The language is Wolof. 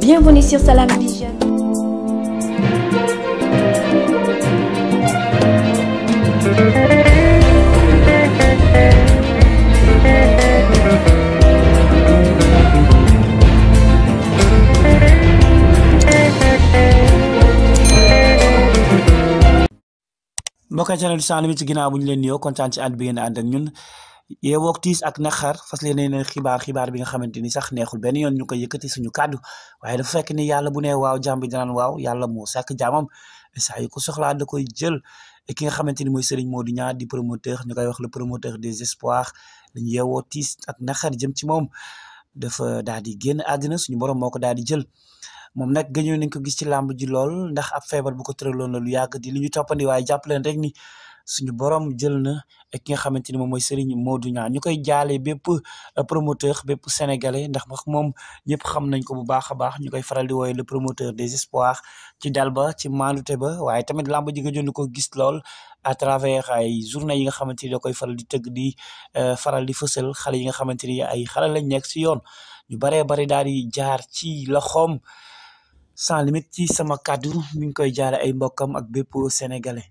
Bienvenue sur Salam Vision. mbokk yi ci Salam ci ginnaaw bu ñu leen nuyoo kontaan ci ànd bi ngeen ànd ak ñun. yeewoog tiis ak naqar fas leen neen xibaar xibaar bi nga xamante ni sax neexul benn yoon ñu koy yëkkati suñu kàddu waaye dafa fekk ni yàlla bu ne waaw jaam bi danaan waaw yàlla moo sàkk jaamam saa yu ko soxlaa da koy jël ki nga xamante ni mooy Serigne Modou Niang di promoteur ñu koy wax le promoteur des espoirs dañu yeewoo tiis ak naqar jam ci moom dafa daal di génn àddina suñu borom moo ko daal di jël moom nag gëñoo nañ ko gis ci làmb ji lool ndax ab feebar bu ko tëraloon la lu yàgg di li ñu toppandi waaye jàpp leen rek ni suñu borom jël na ki nga xamante ni moom mooy Serigne Modou Niang ñu koy jaale bépp euh, promoteur bépp sénégalais ndax moom ñëpp xam nañ ko bu baax a baax ñu koy faral di wooye le promoteur des espoirs ci dal ba ci maanute ba waaye tamit làmb ji nga jënd ko gis lool à travers ay journée yi nga xamante ni da koy faral di tëgg di euh, faral di fësal xale yi nga xamante ni ay xale lañ nekk si yoon ñu baree bari daal di jaar ci loxoom sans limite ci sama kàddu mi ngi koy jaale ay mbokkam ak bépp sénégalais